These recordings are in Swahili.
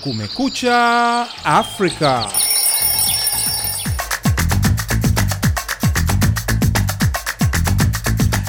Kumekucha Afrika.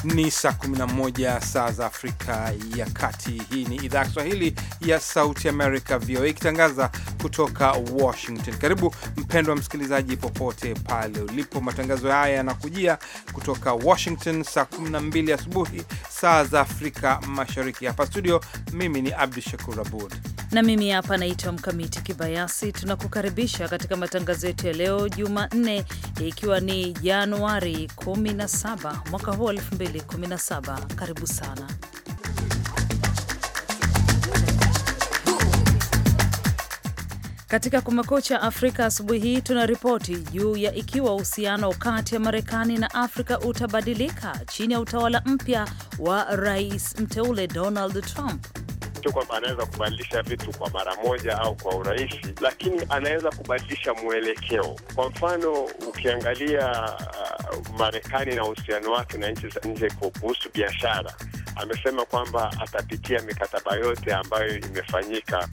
Ni saa 11 saa za Afrika ya Kati. Hii ni idhaa ya Kiswahili ya Sauti Amerika, VOA, ikitangaza kutoka Washington. Karibu mpendwa msikilizaji, popote pale ulipo. Matangazo haya yanakujia kutoka Washington saa 12 asubuhi saa za Afrika Mashariki. Hapa studio, mimi ni Abdu Shakur Abud na mimi hapa naitwa Mkamiti Kibayasi. Tunakukaribisha katika matangazo yetu ya leo Jumanne, ikiwa ni Januari 17 mwaka huu 2017. Karibu sana katika Kumekucha Afrika asubuhi hii tuna ripoti juu ya ikiwa uhusiano kati ya Marekani na Afrika utabadilika chini ya utawala mpya wa rais mteule Donald Trump. Sio kwamba anaweza kubadilisha vitu kwa mara moja au kwa urahisi, lakini anaweza kubadilisha mwelekeo. Kwa mfano, ukiangalia uh, Marekani na uhusiano wake na nchi za nje kuhusu biashara, amesema kwamba atapitia mikataba yote ambayo imefanyika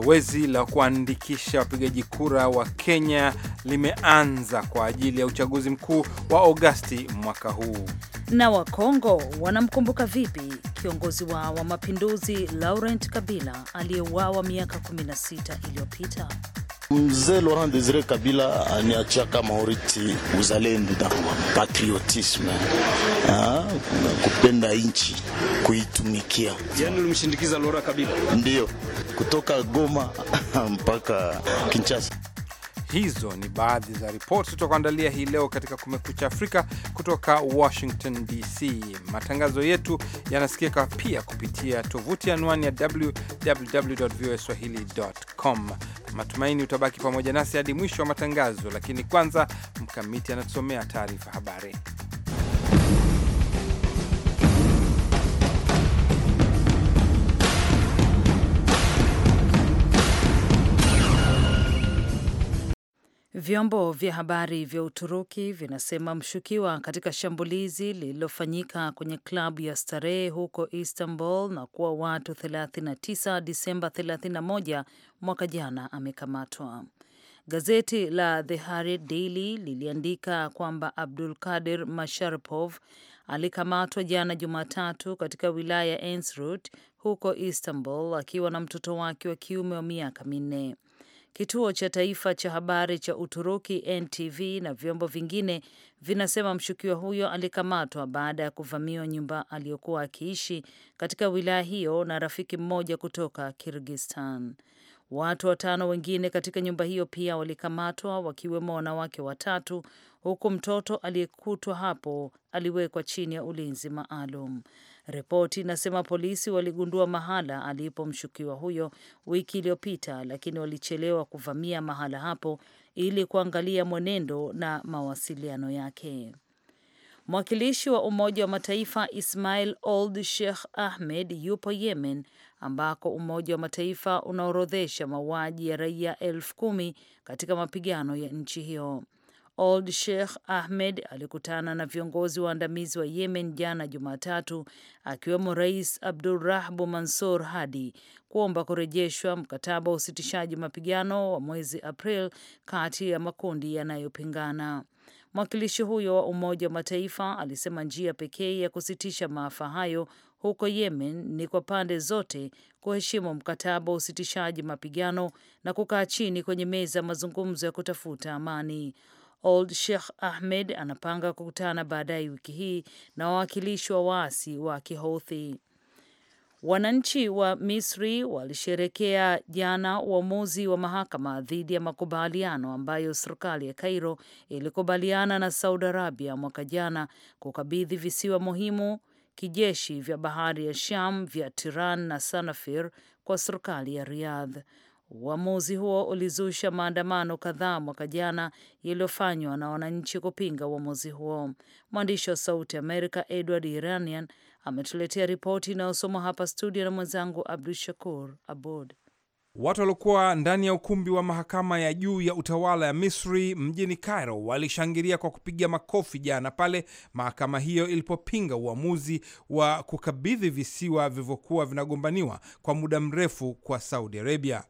Zoezi la kuandikisha wapigaji kura wa Kenya limeanza kwa ajili ya uchaguzi mkuu wa Agosti mwaka huu. Na Wakongo wanamkumbuka vipi kiongozi wa wa mapinduzi Laurent Kabila aliyeuawa miaka 16 iliyopita? Mzee Laurent Desire Kabila aniachia kama uriti uzalendo na patriotisme, kupenda nchi, kuitumikia. Yani ulimshindikiza Laurent Kabila? Ndio, kutoka Goma mpaka Kinshasa. Hizo ni baadhi za ripoti tutakuandalia hii leo katika Kumekucha Afrika kutoka Washington DC. Matangazo yetu yanasikika pia kupitia tovuti anwani ya www voa swahilicom. Matumaini utabaki pamoja nasi hadi mwisho wa matangazo, lakini kwanza Mkamiti anatusomea taarifa habari. Vyombo vya habari vya Uturuki vinasema mshukiwa katika shambulizi lililofanyika kwenye klabu ya starehe huko Istanbul na kuwa watu 39 Disemba 31 mwaka jana amekamatwa. Gazeti la The Hare Daily liliandika kwamba Abdul Kadir Masharipov alikamatwa jana Jumatatu katika wilaya ya Erzurum huko Istanbul akiwa na mtoto wake wa kiume wa miaka minne. Kituo cha taifa cha habari cha Uturuki NTV na vyombo vingine vinasema mshukiwa huyo alikamatwa baada ya kuvamiwa nyumba aliyokuwa akiishi katika wilaya hiyo na rafiki mmoja kutoka Kirgistan. Watu watano wengine katika nyumba hiyo pia walikamatwa wakiwemo wanawake watatu, huku mtoto aliyekutwa hapo aliwekwa chini ya ulinzi maalum. Ripoti inasema polisi waligundua mahala alipo mshukiwa huyo wiki iliyopita, lakini walichelewa kuvamia mahala hapo ili kuangalia mwenendo na mawasiliano yake. Mwakilishi wa Umoja wa Mataifa Ismail Old Sheikh Ahmed yupo Yemen ambako Umoja wa Mataifa unaorodhesha mauaji ya raia elfu kumi katika mapigano ya nchi hiyo. Old Sheikh Ahmed alikutana na viongozi waandamizi wa Yemen jana Jumatatu, akiwemo Rais Abdurrahbu Mansur Hadi kuomba kurejeshwa mkataba wa usitishaji mapigano wa mwezi April kati ya makundi yanayopingana. Mwakilishi huyo wa Umoja wa Mataifa alisema njia pekee ya kusitisha maafa hayo huko Yemen ni kwa pande zote kuheshimu mkataba wa usitishaji mapigano na kukaa chini kwenye meza ya mazungumzo ya kutafuta amani. Old Sheikh Ahmed anapanga kukutana baadaye wiki hii na wawakilishi wa waasi wa Kihouthi. Wananchi wa Misri walisherekea jana uamuzi wa mahakama dhidi ya makubaliano ambayo serikali ya Kairo ilikubaliana na Saudi Arabia mwaka jana kukabidhi visiwa muhimu kijeshi vya bahari ya Sham vya Tiran na Sanafir kwa serikali ya Riyadh. Uamuzi huo ulizusha maandamano kadhaa mwaka jana yaliyofanywa na wananchi kupinga uamuzi huo. Mwandishi wa Sauti Amerika Edward Iranian ametuletea ripoti inayosomwa hapa studio na mwenzangu Abdu Shakur Abud. Watu waliokuwa ndani ya ukumbi wa mahakama ya juu ya utawala ya Misri mjini Cairo walishangilia kwa kupiga makofi jana pale mahakama hiyo ilipopinga uamuzi wa kukabidhi visiwa vilivyokuwa vinagombaniwa kwa muda mrefu kwa Saudi Arabia.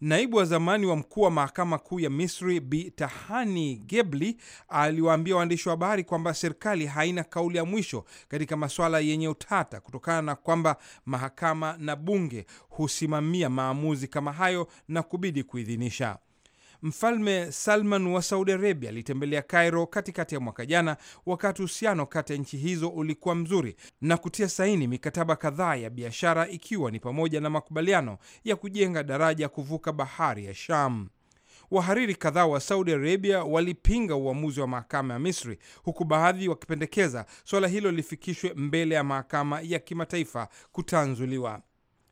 Naibu wa zamani wa mkuu wa mahakama kuu ya Misri Bi Tahani Gebli aliwaambia waandishi wa habari kwamba serikali haina kauli ya mwisho katika masuala yenye utata kutokana na kwamba mahakama na bunge husimamia maamuzi kama hayo na kubidi kuidhinisha. Mfalme Salman wa Saudi Arabia alitembelea Cairo katikati ya mwaka jana, wakati uhusiano kati ya nchi hizo ulikuwa mzuri na kutia saini mikataba kadhaa ya biashara, ikiwa ni pamoja na makubaliano ya kujenga daraja kuvuka bahari ya Sham. Wahariri kadhaa wa Saudi Arabia walipinga uamuzi wa mahakama ya Misri, huku baadhi wakipendekeza suala hilo lifikishwe mbele ya mahakama ya kimataifa kutanzuliwa.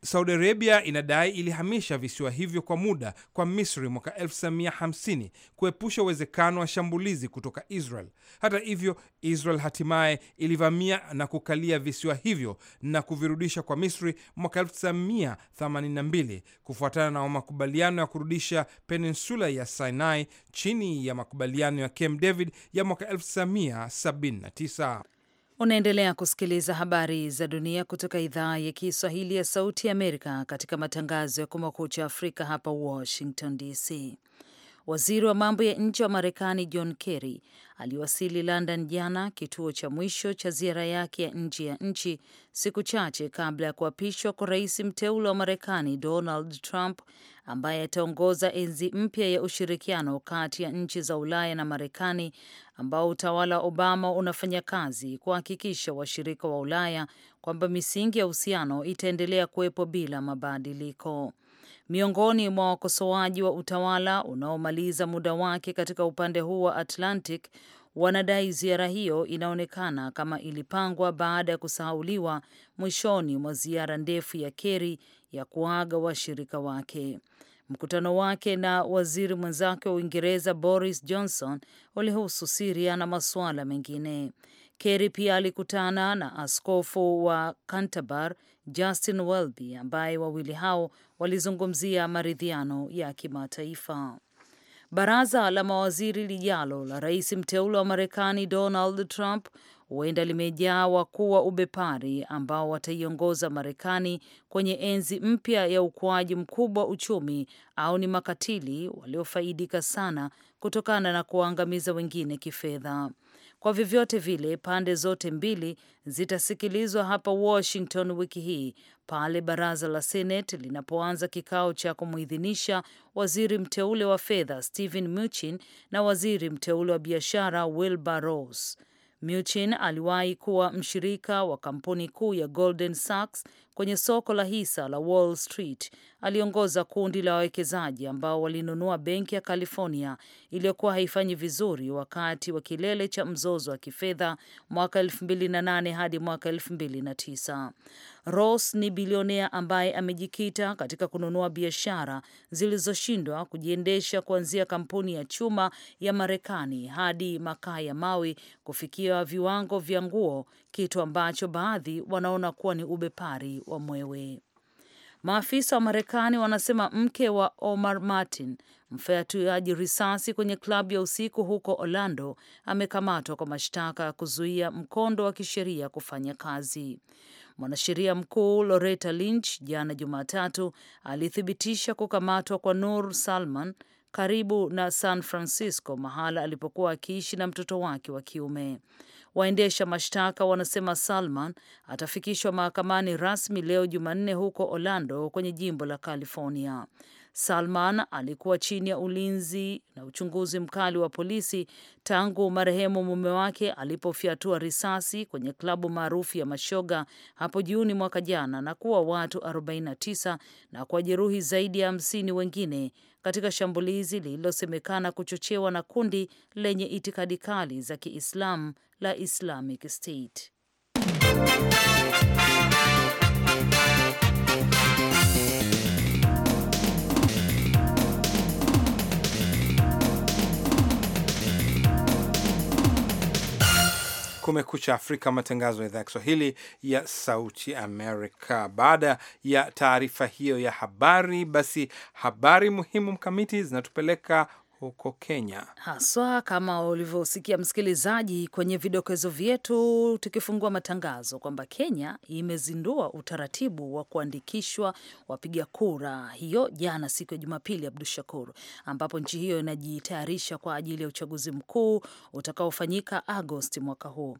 Saudi Arabia inadai ilihamisha visiwa hivyo kwa muda kwa Misri mwaka 1950 kuepusha uwezekano wa shambulizi kutoka Israel. Hata hivyo, Israel hatimaye ilivamia na kukalia visiwa hivyo na kuvirudisha kwa Misri mwaka 1982 kufuatana na makubaliano ya kurudisha peninsula ya Sinai chini ya makubaliano ya Camp David ya mwaka 1979. Unaendelea kusikiliza habari za dunia kutoka idhaa ya Kiswahili ya Sauti ya Amerika katika matangazo ya Kumekucha Afrika hapa Washington DC. Waziri wa mambo ya nje wa Marekani John Kerry aliwasili London jana, kituo cha mwisho cha ziara yake ya nje ya nchi, siku chache kabla ya kuapishwa kwa rais mteule wa Marekani Donald Trump, ambaye ataongoza enzi mpya ya ushirikiano kati ya nchi za Ulaya na Marekani, ambao utawala wa Obama unafanya kazi kuhakikisha washirika wa Ulaya kwamba misingi ya uhusiano itaendelea kuwepo bila mabadiliko miongoni mwa wakosoaji wa utawala unaomaliza muda wake katika upande huu wa Atlantic wanadai ziara hiyo inaonekana kama ilipangwa baada ya kusahauliwa mwishoni mwa ziara ndefu ya Kerry ya kuaga washirika wake. Mkutano wake na waziri mwenzake wa Uingereza Boris Johnson ulihusu Siria na masuala mengine. Kerry pia alikutana na askofu wa Canterbury Justin Welby, ambaye wawili hao walizungumzia maridhiano ya kimataifa. Baraza la mawaziri lijalo la rais mteule wa Marekani Donald Trump huenda limejaa wakuu wa ubepari ambao wataiongoza Marekani kwenye enzi mpya ya ukuaji mkubwa uchumi au ni makatili waliofaidika sana kutokana na kuwaangamiza wengine kifedha. Kwa vyovyote vile, pande zote mbili zitasikilizwa hapa Washington wiki hii pale baraza la Senate linapoanza kikao cha kumuidhinisha waziri mteule wa fedha Steven Mnuchin na waziri mteule wa biashara Wilbur Ross. Mnuchin aliwahi kuwa mshirika wa kampuni kuu ya Goldman Sachs kwenye soko la hisa la Wall Street aliongoza kundi la wawekezaji ambao walinunua benki ya California iliyokuwa haifanyi vizuri wakati wa kilele cha mzozo wa kifedha mwaka 2008 hadi mwaka 2009. Ross ni bilionea ambaye amejikita katika kununua biashara zilizoshindwa kujiendesha kuanzia kampuni ya chuma ya Marekani hadi makaa ya mawe kufikia viwango vya nguo, kitu ambacho baadhi wanaona kuwa ni ubepari wa mwewe Maafisa wa Marekani wanasema mke wa Omar Martin, mfyatuaji risasi kwenye klabu ya usiku huko Orlando, amekamatwa kwa mashtaka ya kuzuia mkondo wa kisheria kufanya kazi. Mwanasheria mkuu Loretta Lynch jana Jumatatu alithibitisha kukamatwa kwa Nur Salman karibu na San Francisco, mahala alipokuwa akiishi na mtoto wake wa kiume. Waendesha mashtaka wanasema Salman atafikishwa mahakamani rasmi leo Jumanne huko Orlando kwenye jimbo la California. Salman alikuwa chini ya ulinzi na uchunguzi mkali wa polisi tangu marehemu mume wake alipofyatua risasi kwenye klabu maarufu ya mashoga hapo Juni mwaka jana na kuwa watu 49 na kwa jeruhi zaidi ya 50 wengine katika shambulizi lililosemekana kuchochewa na kundi lenye itikadi kali za Kiislamu la Islamic State. Kumekucha Afrika, matangazo ya idhaa ya Kiswahili ya Sauti Amerika. Baada ya taarifa hiyo ya habari, basi habari muhimu mkamiti zinatupeleka huko Kenya haswa, kama ulivyosikia msikilizaji, kwenye vidokezo vyetu tukifungua matangazo kwamba Kenya imezindua utaratibu wa kuandikishwa wapiga kura hiyo jana, siku ya Jumapili, Abdu Shakur, ambapo nchi hiyo inajitayarisha kwa ajili ya uchaguzi mkuu utakaofanyika Agosti mwaka huu.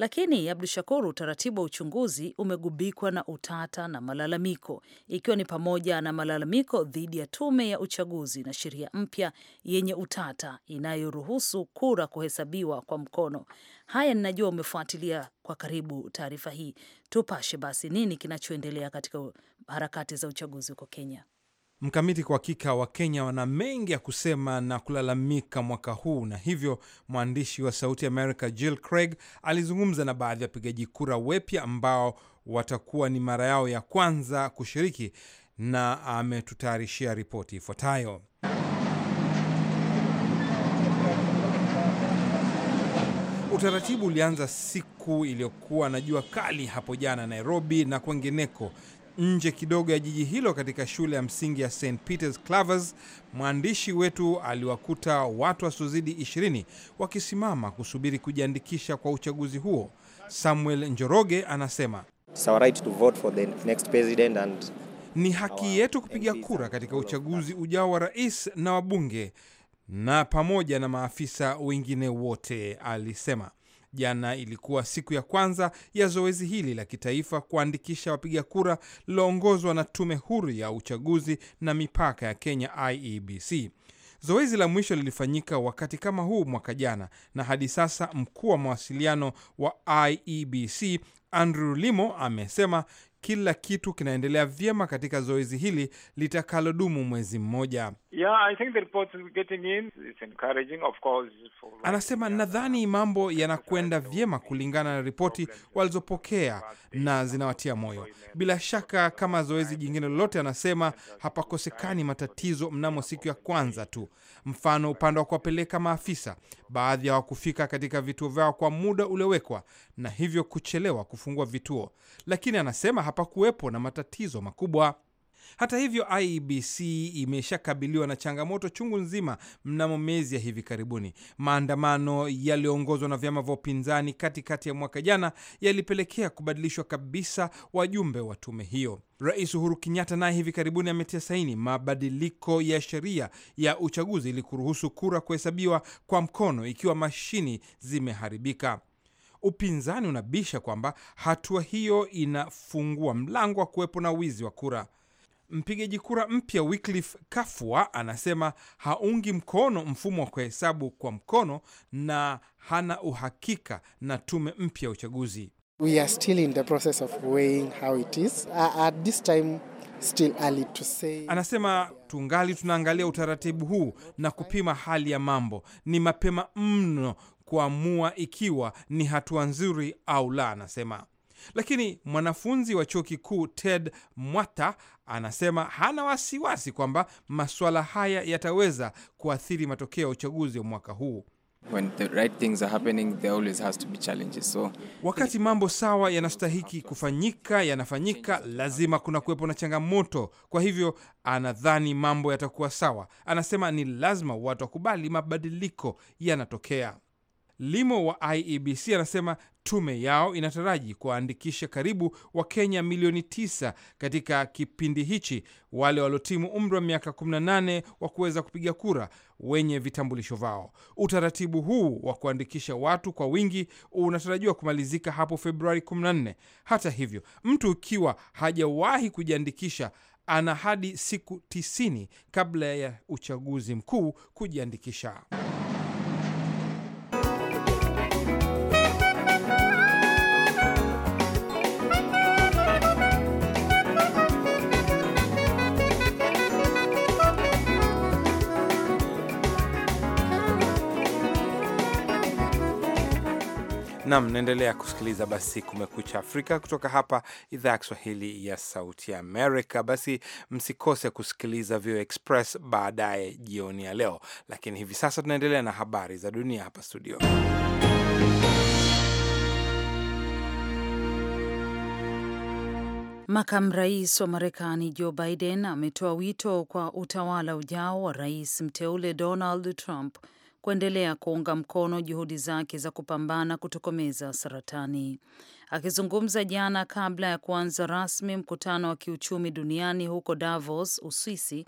Lakini Abdu Shakur, utaratibu wa uchunguzi umegubikwa na utata na malalamiko, ikiwa ni pamoja na malalamiko dhidi ya tume ya uchaguzi na sheria mpya yenye utata inayoruhusu kura kuhesabiwa kwa mkono. Haya, ninajua umefuatilia kwa karibu taarifa hii, tupashe basi, nini kinachoendelea katika harakati za uchaguzi huko Kenya? Mkamiti, kwa hakika Wakenya wana mengi ya kusema na kulalamika mwaka huu, na hivyo mwandishi wa Sauti America Jill Craig alizungumza na baadhi ya wapigaji kura wepya ambao watakuwa ni mara yao ya kwanza kushiriki, na ametutayarishia ripoti ifuatayo. Utaratibu ulianza siku iliyokuwa na jua kali hapo jana Nairobi na kwengineko, nje kidogo ya jiji hilo katika shule ya msingi ya St Peters Clavers, mwandishi wetu aliwakuta watu wasiozidi 20 wakisimama kusubiri kujiandikisha kwa uchaguzi huo. Samuel Njoroge anasema right to vote for the next president and... ni haki yetu kupiga kura katika uchaguzi ujao wa rais na wabunge na pamoja na maafisa wengine wote, alisema. Jana ilikuwa siku ya kwanza ya zoezi hili la kitaifa kuandikisha wapiga kura liloongozwa na tume huru ya uchaguzi na mipaka ya Kenya IEBC. Zoezi la mwisho lilifanyika wakati kama huu mwaka jana, na hadi sasa mkuu wa mawasiliano wa IEBC Andrew Limo amesema kila kitu kinaendelea vyema katika zoezi hili litakalodumu mwezi mmoja. Anasema nadhani uh, mambo yanakwenda vyema kulingana na ripoti walizopokea na zinawatia moyo. Bila shaka kama zoezi jingine lolote, anasema hapakosekani matatizo mnamo siku ya kwanza tu. Mfano, upande wa kuwapeleka maafisa, baadhi hawakufika katika vituo vyao kwa muda uliowekwa na hivyo kuchelewa kufungua vituo, lakini anasema hapakuwepo na matatizo makubwa. Hata hivyo, IBC imeshakabiliwa na changamoto chungu nzima mnamo miezi ya hivi karibuni. Maandamano yaliyoongozwa na vyama vya upinzani katikati ya mwaka jana yalipelekea kubadilishwa kabisa wajumbe wa tume hiyo. Rais Uhuru Kenyatta naye hivi karibuni ametia saini mabadiliko ya sheria ya uchaguzi ili kuruhusu kura kuhesabiwa kwa mkono ikiwa mashini zimeharibika. Upinzani unabisha kwamba hatua hiyo inafungua mlango wa kuwepo na wizi wa kura. Mpigaji kura mpya Wycliffe Kafwa anasema haungi mkono mfumo wa kuhesabu kwa mkono na hana uhakika na tume mpya ya uchaguzi. Still early to say. Anasema tungali tunaangalia utaratibu huu na kupima hali ya mambo. Ni mapema mno kuamua ikiwa ni hatua nzuri au la, anasema. Lakini mwanafunzi wa chuo kikuu Ted Mwata anasema hana wasiwasi kwamba maswala haya yataweza kuathiri matokeo ya uchaguzi wa mwaka huu. When the right things are happening, there always has to be challenges. So, wakati mambo sawa yanastahiki kufanyika yanafanyika, lazima kuna kuwepo na changamoto. Kwa hivyo anadhani mambo yatakuwa sawa. Anasema ni lazima watu wakubali mabadiliko yanatokea. Limo wa IEBC anasema Tume yao inataraji kuwaandikisha karibu Wakenya milioni 9 katika kipindi hichi, wale waliotimu umri wa miaka 18 wa kuweza kupiga kura wenye vitambulisho vao. Utaratibu huu wa kuandikisha watu kwa wingi unatarajiwa kumalizika hapo Februari 14. Hata hivyo, mtu ukiwa hajawahi kujiandikisha ana hadi siku 90 kabla ya uchaguzi mkuu kujiandikisha. Nam, naendelea kusikiliza basi Kumekucha Afrika kutoka hapa idhaa ya Kiswahili ya Sauti ya Amerika. Basi msikose kusikiliza VOA Express baadaye jioni ya leo, lakini hivi sasa tunaendelea na habari za dunia hapa studio. Makamu rais wa Marekani Joe Biden ametoa wito kwa utawala ujao wa rais mteule Donald Trump kuendelea kuunga mkono juhudi zake za kupambana kutokomeza saratani. Akizungumza jana kabla ya kuanza rasmi mkutano wa kiuchumi duniani huko Davos, Uswisi,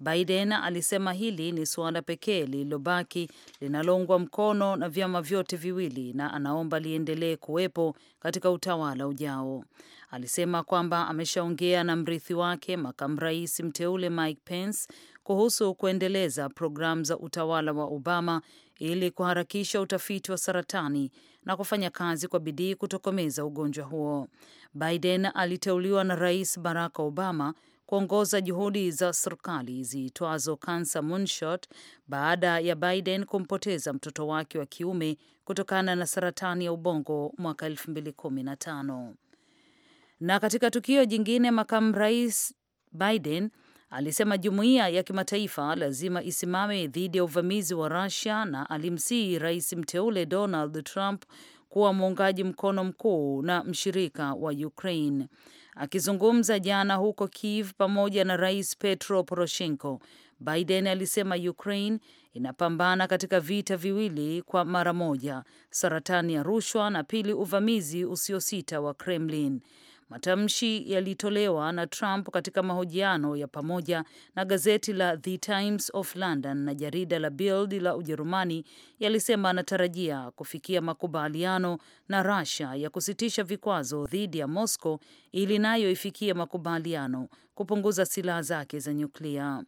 Biden alisema hili ni suala pekee lililobaki linaloungwa mkono na vyama vyote viwili na anaomba liendelee kuwepo katika utawala ujao. Alisema kwamba ameshaongea na mrithi wake makamu rais mteule Mike Pence kuhusu kuendeleza programu za utawala wa Obama ili kuharakisha utafiti wa saratani na kufanya kazi kwa bidii kutokomeza ugonjwa huo. Biden aliteuliwa na Rais Barack Obama kuongoza juhudi za serikali ziitwazo Cancer Moonshot baada ya Biden kumpoteza mtoto wake wa kiume kutokana na saratani ya ubongo mwaka 2015. Na katika tukio jingine, makamu rais Biden alisema jumuiya ya kimataifa lazima isimame dhidi ya uvamizi wa Russia na alimsihi rais mteule Donald Trump kuwa muungaji mkono mkuu na mshirika wa Ukraine. Akizungumza jana huko Kiev pamoja na Rais Petro Poroshenko, Biden alisema Ukraine inapambana katika vita viwili kwa mara moja, saratani ya rushwa na pili uvamizi usiosita wa Kremlin. Matamshi yalitolewa na Trump katika mahojiano ya pamoja na gazeti la The Times of London na jarida la Bild la Ujerumani, yalisema anatarajia kufikia makubaliano na Russia ya kusitisha vikwazo dhidi ya Moscow ili nayo ifikie makubaliano kupunguza silaha zake za nyuklia.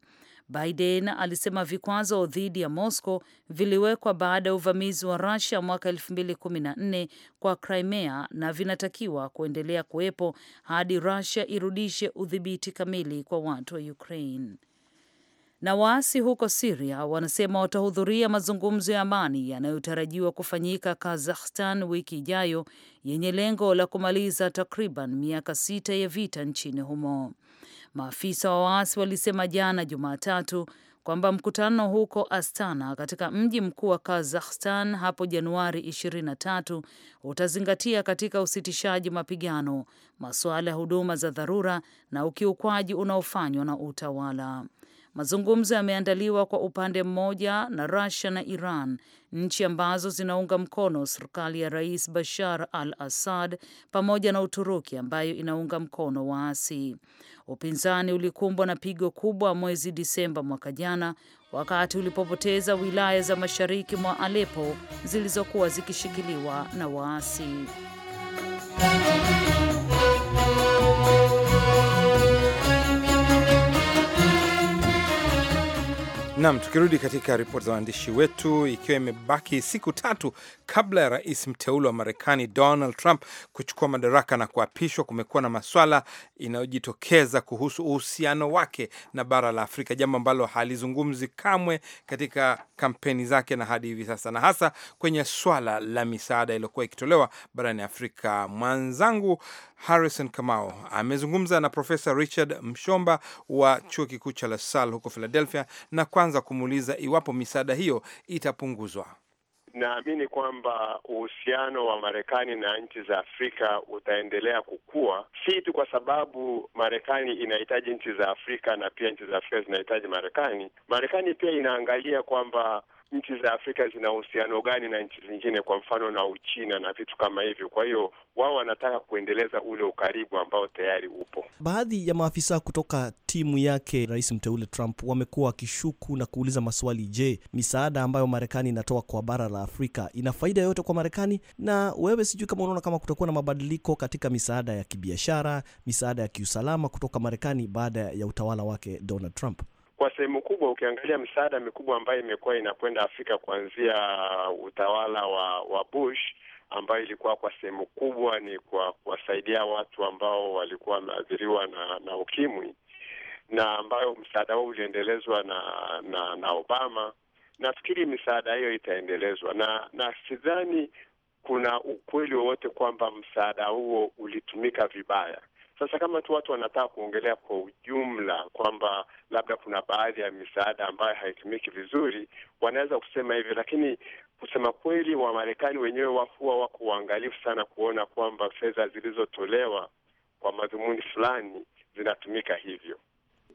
Biden alisema vikwazo dhidi ya Moscow viliwekwa baada ya uvamizi wa Russia mwaka 2014 kwa Crimea na vinatakiwa kuendelea kuwepo hadi Russia irudishe udhibiti kamili kwa watu wa Ukraine. Na waasi huko Siria wanasema watahudhuria mazungumzo ya amani yanayotarajiwa kufanyika Kazakhstan wiki ijayo yenye lengo la kumaliza takriban miaka sita ya vita nchini humo. Maafisa wa waasi walisema jana Jumatatu kwamba mkutano huko Astana katika mji mkuu wa Kazakhstan hapo Januari 23 utazingatia katika usitishaji mapigano, masuala ya huduma za dharura na ukiukwaji unaofanywa na utawala. Mazungumzo yameandaliwa kwa upande mmoja na rasia na Iran, nchi ambazo zinaunga mkono serikali ya Rais Bashar al Assad, pamoja na Uturuki ambayo inaunga mkono waasi. Upinzani ulikumbwa na pigo kubwa mwezi Disemba mwaka jana wakati ulipopoteza wilaya za mashariki mwa alepo zilizokuwa zikishikiliwa na waasi. Nam, tukirudi katika ripoti za waandishi wetu, ikiwa imebaki siku tatu kabla ya rais mteule wa Marekani Donald Trump kuchukua madaraka na kuapishwa, kumekuwa na maswala inayojitokeza kuhusu uhusiano wake na bara la Afrika, jambo ambalo halizungumzi kamwe katika kampeni zake na hadi hivi sasa, na hasa kwenye swala la misaada iliyokuwa ikitolewa barani Afrika. Mwenzangu Harrison Kamau amezungumza na Profesa Richard Mshomba wa chuo kikuu cha LaSalle huko Philadelphia, na kwanza kumuuliza iwapo misaada hiyo itapunguzwa. Naamini kwamba uhusiano wa Marekani na nchi za Afrika utaendelea kukua, si tu kwa sababu Marekani inahitaji nchi za Afrika na pia nchi za Afrika zinahitaji Marekani. Marekani pia inaangalia kwamba nchi za Afrika zina uhusiano gani na nchi zingine, kwa mfano na Uchina na vitu kama hivyo. Kwa hiyo wao wanataka kuendeleza ule ukaribu ambao tayari upo. Baadhi ya maafisa kutoka timu yake rais mteule Trump wamekuwa wakishuku na kuuliza maswali. Je, misaada ambayo Marekani inatoa kwa bara la Afrika ina faida yoyote kwa Marekani? Na wewe, sijui kama unaona kama kutakuwa na mabadiliko katika misaada ya kibiashara, misaada ya kiusalama kutoka Marekani baada ya utawala wake Donald Trump? kwa sehemu kubwa, ukiangalia msaada mikubwa ambayo imekuwa inakwenda Afrika kuanzia utawala wa, wa Bush ambayo ilikuwa kwa sehemu kubwa ni kwa kuwasaidia watu ambao walikuwa wameathiriwa na, na ukimwi na ambayo msaada huo uliendelezwa na, na na Obama. Nafikiri misaada hiyo itaendelezwa na na sidhani kuna ukweli wowote kwamba msaada huo ulitumika vibaya. Sasa kama tu watu wanataka kuongelea kwa ujumla kwamba labda kuna baadhi ya misaada ambayo haitumiki vizuri, wanaweza kusema hivyo, lakini kusema kweli, Wamarekani wenyewe wafuwa wako uangalifu sana kuona kwamba fedha zilizotolewa kwa madhumuni fulani zinatumika hivyo.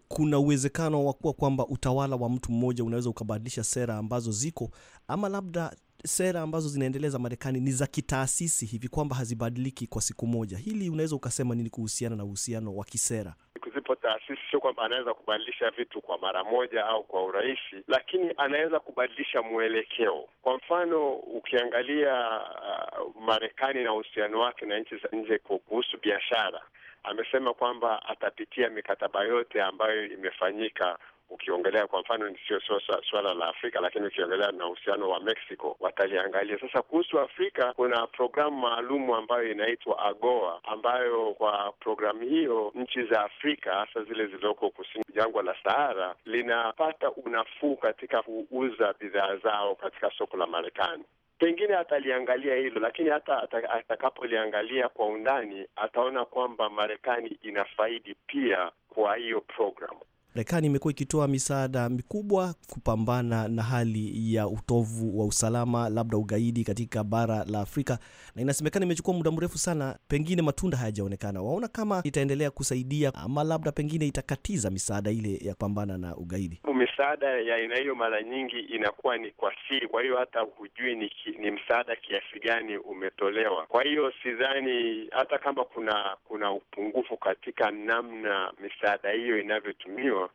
Kuna uwezekano wa kuwa kwamba utawala wa mtu mmoja unaweza ukabadilisha sera ambazo ziko, ama labda sera ambazo zinaendelea za Marekani ni za kitaasisi hivi kwamba hazibadiliki kwa siku moja. Hili unaweza ukasema nini kuhusiana na uhusiano wa kisera? Kuzipo taasisi, sio kwamba anaweza kubadilisha vitu kwa mara moja au kwa urahisi, lakini anaweza kubadilisha mwelekeo. Kwa mfano, ukiangalia uh, Marekani na uhusiano wake na nchi za nje kuhusu biashara, amesema kwamba atapitia mikataba yote ambayo imefanyika ukiongelea kwa mfano, sio suala la Afrika, lakini ukiongelea na uhusiano wa Mexico wataliangalia. Sasa kuhusu Afrika, kuna programu maalum ambayo inaitwa AGOA, ambayo kwa programu hiyo nchi za Afrika hasa zile zilizoko kusini jangwa la Sahara linapata unafuu katika kuuza bidhaa zao katika soko la Marekani. Pengine ataliangalia hilo, lakini hata atakapoliangalia kwa undani ataona kwamba Marekani inafaidi pia kwa hiyo programu. Marekani imekuwa ikitoa misaada mikubwa kupambana na hali ya utovu wa usalama, labda ugaidi katika bara la Afrika, na inasemekana imechukua muda mrefu sana, pengine matunda hayajaonekana. Waona kama itaendelea kusaidia ama labda pengine itakatiza misaada ile ya kupambana na ugaidi? Misaada ya aina hiyo mara nyingi inakuwa ni kwa siri, kwa hiyo hata hujui ni, ni msaada kiasi gani umetolewa. Kwa hiyo sidhani hata kama kuna kuna upungufu katika namna misaada hiyo inavyotumiwa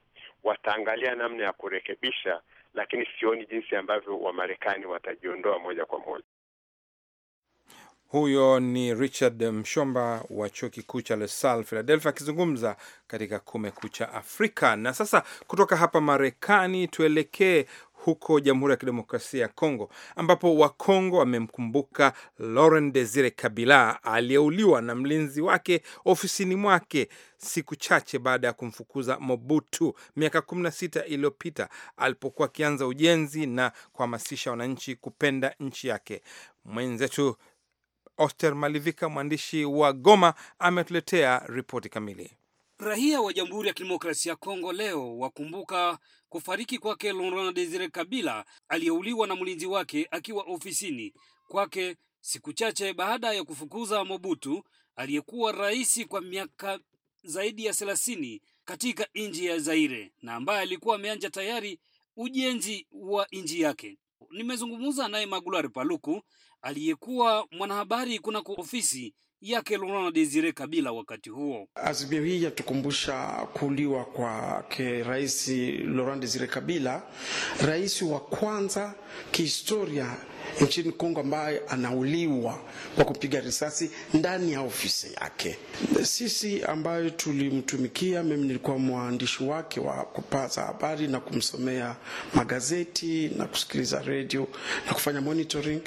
wataangalia namna ya kurekebisha, lakini sioni jinsi ambavyo Wamarekani watajiondoa moja kwa moja. Huyo ni Richard Mshomba wa chuo kikuu cha LaSalle Philadelphia akizungumza katika Kumekucha Afrika. Na sasa kutoka hapa Marekani tuelekee huko Jamhuri ya Kidemokrasia ya Kongo, ambapo Wakongo wamemkumbuka Laurent Desire Kabila aliyeuliwa na mlinzi wake ofisini mwake siku chache baada ya kumfukuza Mobutu miaka 16 iliyopita alipokuwa akianza ujenzi na kuhamasisha wananchi kupenda nchi yake. Mwenzetu Oster Malivika, mwandishi wa Goma, ametuletea ripoti kamili. Raia wa Jamhuri ya Kidemokrasia ya Kongo leo wakumbuka kufariki kwake Laurent Desire Kabila aliyeuliwa na mlinzi wake akiwa ofisini kwake siku chache baada ya kufukuza Mobutu aliyekuwa rais kwa miaka zaidi ya thelathini katika nchi ya Zaire na ambaye alikuwa ameanza tayari ujenzi wa nchi yake. Nimezungumza naye Magulari Paluku aliyekuwa mwanahabari kunako ofisi yake Laurent Desire Kabila wakati huo. Azimio hii yatukumbusha kuuliwa ke Rais Laurent Desire Kabila, rais wa kwanza kihistoria nchini Kongo ambaye anauliwa kwa kupiga risasi ndani ya ofisi yake. Sisi ambayo tulimtumikia, mimi nilikuwa mwandishi wake wa kupaza habari na kumsomea magazeti na kusikiliza redio na kufanya monitoring,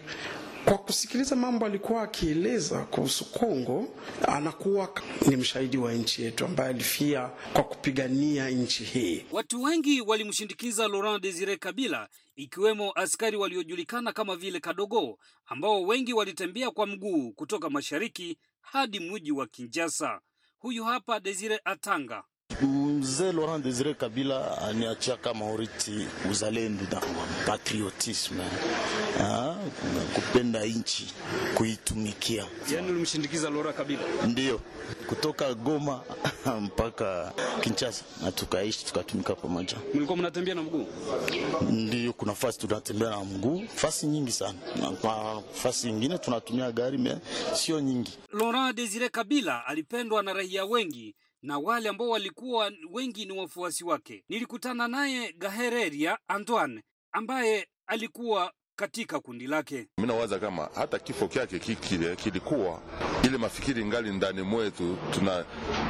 kwa kusikiliza mambo alikuwa akieleza kuhusu Kongo, anakuwa ni mshahidi wa nchi yetu ambaye alifia kwa kupigania nchi hii. Watu wengi walimshindikiza Laurent Desire Kabila, ikiwemo askari waliojulikana kama vile Kadogo, ambao wengi walitembea kwa mguu kutoka mashariki hadi mji wa Kinshasa. Huyu hapa Desire Atanga. Mzee Laurent Desire Kabila aniachia kama uriti uzalendo na patriotisme, ah, kupenda nchi, kuitumikia. Yani ulimshindikiza Laurent Kabila? Ndio, kutoka Goma mpaka Kinshasa na tukaishi tukatumika pamoja. Mlikuwa mnatembea na mguu? Ndio, kuna fasi tunatembea na mguu, fasi nyingi sana, na kwa fasi nyingine tunatumia gari, me sio nyingi. Laurent Desire Kabila alipendwa na raia wengi na wale ambao walikuwa wengi ni wafuasi wake. Nilikutana naye Gahereria Antoine ambaye alikuwa katika kundi lake. Mimi nawaza kama hata kifo kyake kile kilikuwa ile mafikiri ngali ndani mwetu. Tuna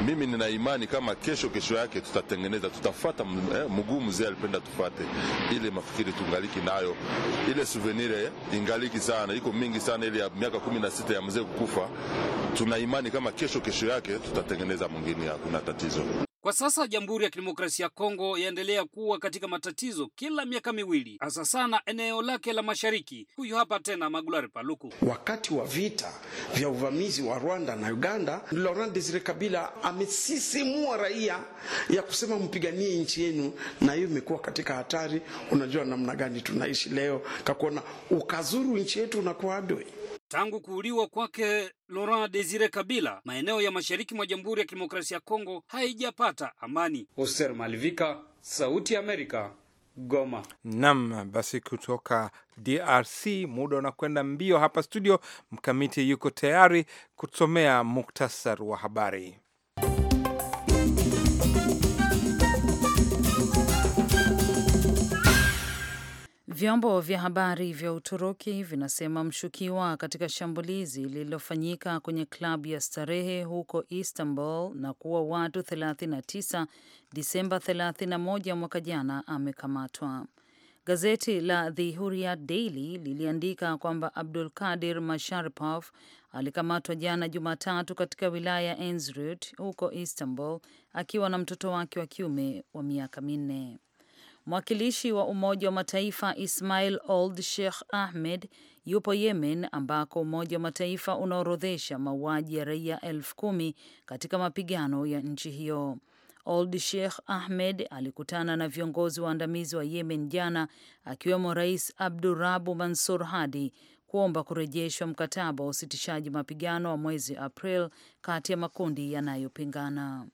mimi nina imani kama kesho kesho yake tutatengeneza, tutafata eh, mguu mzee alipenda tufate. Ile mafikiri tungaliki nayo, ile souvenir eh, ingaliki sana, iko mingi sana, ile ya miaka kumi na sita ya mzee kukufa. Tuna imani kama kesho kesho yake tutatengeneza mwingine, hakuna tatizo. Kwa sasa Jamhuri ya Kidemokrasia ya Kongo yaendelea kuwa katika matatizo kila miaka miwili, hasa sana eneo lake la mashariki. Huyu hapa tena Magulari Paluku. Wakati wa vita vya uvamizi wa Rwanda na Uganda, Laurent Desire Kabila amesisimua raia ya kusema mpiganie nchi yenu, na hiyo imekuwa katika hatari. Unajua namna gani tunaishi leo, kakuona ukazuru nchi yetu unakuwa adui Tangu kuuliwa kwake Laurent Desire Kabila, maeneo ya mashariki mwa Jamhuri ya Kidemokrasia ya Kongo haijapata amani. Hoser Malivika, Sauti ya Amerika, Goma. Naam, basi kutoka DRC muda unakwenda mbio hapa studio. Mkamiti yuko tayari kutusomea muktasar wa habari. Vyombo vya habari vya Uturuki vinasema mshukiwa katika shambulizi lililofanyika kwenye klabu ya starehe huko Istanbul na kuwa watu 39 Disemba 31 mwaka jana amekamatwa. Gazeti la The Hurriyet Daily liliandika kwamba Abdul Kadir Masharipov alikamatwa jana Jumatatu katika wilaya ya Erzurum huko Istanbul akiwa na mtoto wake wa kiume wa miaka minne. Mwakilishi wa Umoja wa Mataifa Ismail Old Sheikh Ahmed yupo Yemen ambako Umoja wa Mataifa unaorodhesha mauaji ya raia elfu kumi katika mapigano ya nchi hiyo. Old Sheikh Ahmed alikutana na viongozi waandamizi wa Yemen jana akiwemo Rais Abdurabu Mansur Hadi kuomba kurejeshwa mkataba wa usitishaji mapigano wa mwezi April kati ya makundi yanayopingana.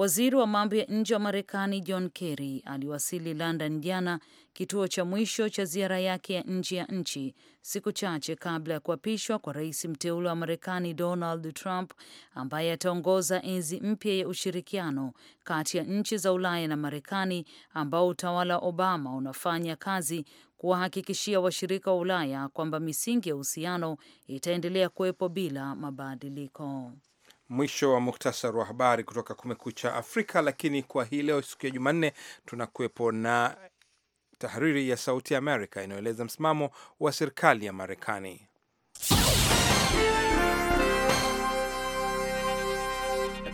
Waziri wa mambo ya nje wa Marekani John Kerry aliwasili London jana, kituo cha mwisho cha ziara yake ya nje ya nchi, siku chache kabla ya kuapishwa kwa rais mteule wa Marekani Donald Trump, ambaye ataongoza enzi mpya ya ushirikiano kati ya nchi za Ulaya na Marekani ambao utawala wa Obama unafanya kazi kuwahakikishia washirika wa Ulaya kwamba misingi ya uhusiano itaendelea kuwepo bila mabadiliko. Mwisho wa muktasari wa habari kutoka Kumekucha Afrika. Lakini kwa hii leo, siku ya Jumanne, tunakuwepo na tahariri ya Sauti Amerika inayoeleza msimamo wa serikali ya Marekani.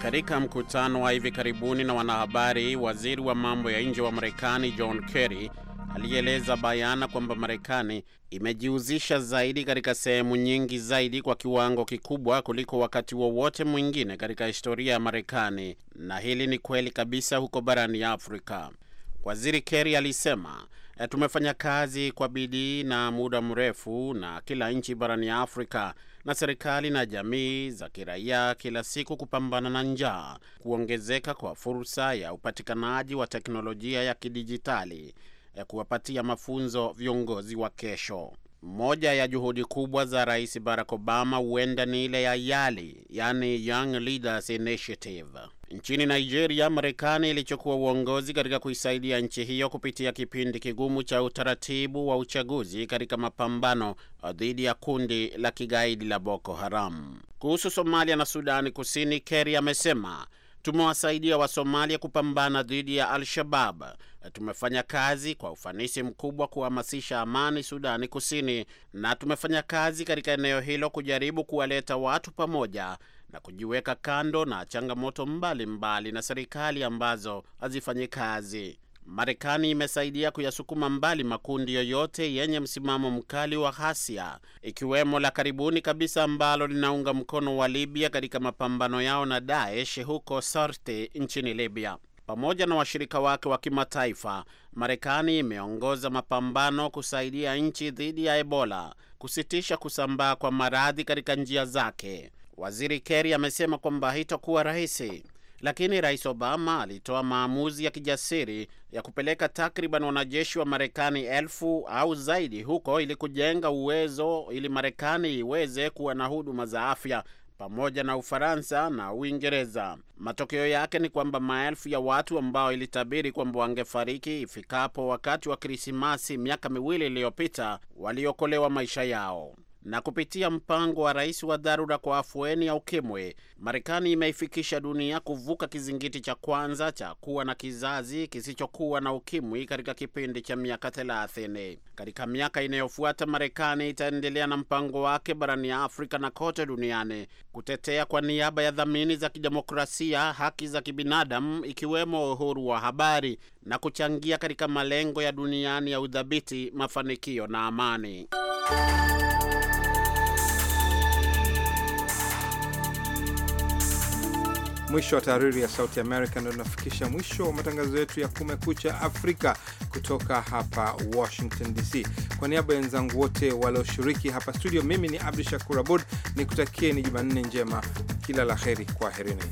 Katika mkutano wa hivi karibuni na wanahabari, waziri wa mambo ya nje wa Marekani John Kerry alieleza bayana kwamba Marekani imejihusisha zaidi katika sehemu nyingi zaidi kwa kiwango kikubwa kuliko wakati wowote wa mwingine katika historia ya Marekani, na hili ni kweli kabisa huko barani ya Afrika. Waziri Kerry alisema e, tumefanya kazi kwa bidii na muda mrefu na kila nchi barani ya Afrika na serikali na jamii za kiraia kila siku kupambana na njaa, kuongezeka kwa fursa ya upatikanaji wa teknolojia ya kidijitali ya kuwapatia mafunzo viongozi wa kesho. Moja ya juhudi kubwa za Rais Barack Obama huenda ni ile ya YALI, yani Young Leaders Initiative. Nchini Nigeria, Marekani ilichukua uongozi katika kuisaidia nchi hiyo kupitia kipindi kigumu cha utaratibu wa uchaguzi katika mapambano uh, dhidi ya kundi la kigaidi la Boko Haram. Kuhusu Somalia na Sudani Kusini, Kerry amesema tumewasaidia Wasomalia kupambana dhidi ya Al-Shabab Eh, tumefanya kazi kwa ufanisi mkubwa kuhamasisha amani Sudani Kusini, na tumefanya kazi katika eneo hilo kujaribu kuwaleta watu pamoja na kujiweka kando na changamoto mbalimbali mbali na serikali ambazo hazifanyi kazi. Marekani imesaidia kuyasukuma mbali makundi yoyote yenye msimamo mkali wa ghasia, ikiwemo la karibuni kabisa ambalo linaunga mkono wa Libya katika mapambano yao na Daesh huko Sirte nchini Libya pamoja na washirika wake wa kimataifa, Marekani imeongoza mapambano kusaidia nchi dhidi ya Ebola kusitisha kusambaa kwa maradhi katika njia zake. Waziri Kerry amesema kwamba haitakuwa rahisi, lakini Rais Obama alitoa maamuzi ya kijasiri ya kupeleka takriban wanajeshi wa Marekani elfu au zaidi huko ili kujenga uwezo ili Marekani iweze kuwa na huduma za afya pamoja na Ufaransa na Uingereza. Matokeo yake ni kwamba maelfu ya watu ambao ilitabiri kwamba wangefariki ifikapo wakati wa Krismasi miaka miwili iliyopita waliokolewa maisha yao na kupitia mpango wa rais wa dharura kwa afueni ya ukimwi, Marekani imeifikisha dunia kuvuka kizingiti cha kwanza cha kuwa na kizazi kisichokuwa na ukimwi katika kipindi cha miaka 30. Katika miaka inayofuata, Marekani itaendelea na mpango wake barani ya Afrika na kote duniani kutetea kwa niaba ya dhamini za kidemokrasia, haki za kibinadamu, ikiwemo uhuru wa habari na kuchangia katika malengo ya duniani ya udhabiti, mafanikio na amani. Mwisho wa tahariri ya Sauti Amerika ndo inafikisha mwisho wa matangazo yetu ya Kumekucha Afrika kutoka hapa Washington DC. Kwa niaba ya wenzangu wote walioshiriki hapa studio, mimi ni Abdu Shakur Abud ni kutakie ni Jumanne njema, kila la heri, kwa herini